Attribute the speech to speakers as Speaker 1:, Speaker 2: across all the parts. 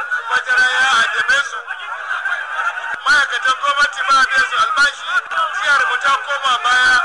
Speaker 1: ya su ma'aikatan gwamnati ba biya su albashi jihar mu koma baya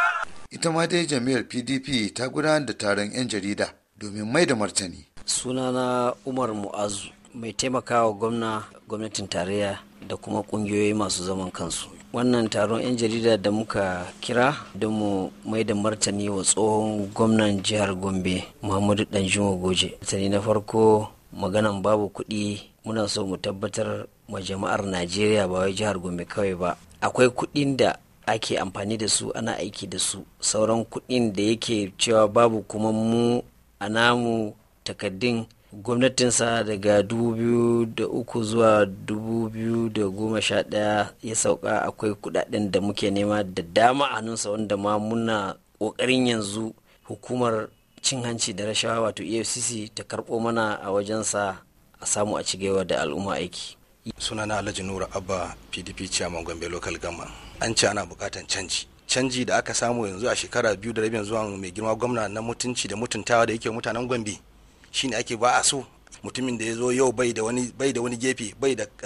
Speaker 1: ita ma dai jami'ar pdp ta gudanar da taron 'yan jarida domin mai da martani sunana umar mu'azu
Speaker 2: mai taimakawa gwamna gwamnatin tarayya da kuma kungiyoyi masu zaman kansu wannan taron 'yan jarida da muka kira don mu mai da martani wa tsohon gwamnan jihar gombe muhammadu danjuma goje Tani na farko maganan babu kuɗi muna so mu tabbatar ma jama'ar najeriya ba wai jihar gombe kawai ba akwai kuɗin da ake amfani da su ana aiki da su sauran kuɗin da yake cewa babu kuma mu a namu takaddun gwamnatinsa daga 2003 zuwa 2011 ya sauka akwai kudaden da muke nema da dama a hannunsa wanda ma muna ƙoƙarin yanzu hukumar cin hanci da rashawa wato efcc ta karbo mana a wajensa a
Speaker 1: samu a cigewa da al'umma aiki sunana alhaji nura abba pdp chairman gombe local gama an ce ana bukatan canji canji da aka samu yanzu a shekara biyu da rabin zuwa mai girma gwamna na mutunci da mutuntawa da yake mutanen gombe shine ake ba a so mutumin da ya zo yau bai da wani gefe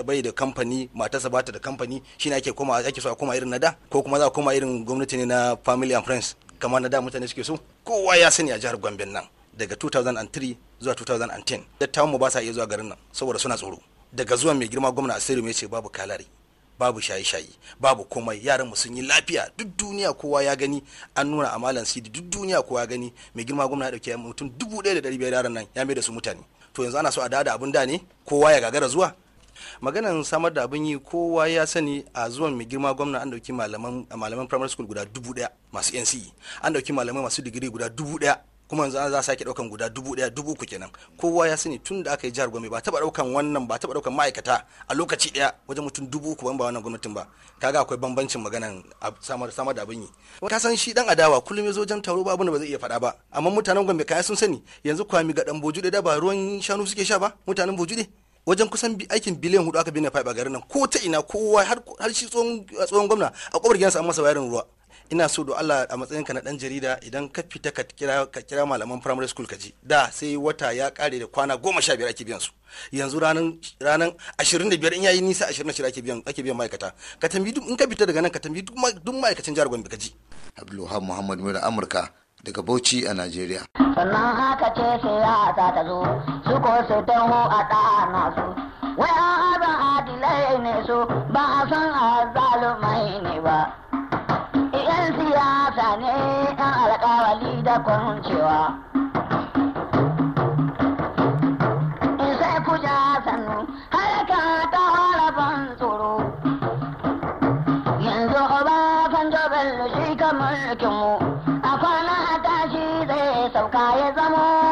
Speaker 1: bai da kamfani matarsa bata da kamfani shine ake ake so a koma irin na da ko kuma za a koma irin gwamnati ne na family and friends kamar na da mutane suke so kowa ya sani a jihar Gombe nan daga 2003 zuwa 2010 dattawan mu ba sa iya zuwa garin nan saboda suna tsoro daga zuwan mai girma gwamna Asiru ya ce babu kalari babu shayi shayi babu komai yaran mu sun yi lafiya duk duniya kowa ya gani an nuna amalan sidi duk duniya kowa ya gani mai girma gwamna ya dauke mutum 1500 yaran nan ya mai da su mutane to yanzu ana so a dada abun da ne kowa ya gagara zuwa maganan samar da abin yi kowa ya sani a zuwan mai girma gwamna an dauki malaman malaman primary school guda dubu daya masu NCE an dauki malamai masu digiri guda dubu daya kuma yanzu an za sake daukan guda dubu daya dubu uku kenan kowa ya sani tun da aka yi jihar gwamna ba taba daukan wannan ba taba daukan ma'aikata a lokaci daya wajen mutum dubu uku ban ba wannan gwamnatin ba kaga akwai bambancin maganan samar samar da abin yi ka san shi dan adawa kullum ya zo jan taro ba abin da ba zai iya faɗa ba amma mutanen gombe kai sun sani yanzu kwami ga dan bojude da ba ruwan shanu suke sha ba mutanen bojude wajen kusan aikin biliyan hudu aka bina pipe a garin nan ko ta ina kowa har shi tsohon gwamna a kwabar gidansa an masa wayarin ruwa ina so da Allah a matsayin ka na dan jarida idan ka fita ka kira ka kira malaman primary school ka ji da sai wata ya kare da kwana goma sha biyar ake biyan su yanzu ranan ranan ashirin da biyar in yayi nisa ashirin da shida ake biyan ake biyan ma'aikata ka tambi in ka fita daga nan ka tambi duk ma'aikacin jihar Gombe ka ji Abdulwahab Muhammad Mura Amurka daga Bauchi a Najeriya.
Speaker 2: Sannan haka ce siyasa ta zo, su ko su taho a ɗana su. Wai an haɗa adilai ne su ba a san azalumai ne ba. Yan siyasa ne yan alƙawali da kwancewa. Sai ku ja sannu, harka ta harafan tsoro. Yanzu ba kan jobin shi kamar kinmu, a kwana zai sauka ya zamo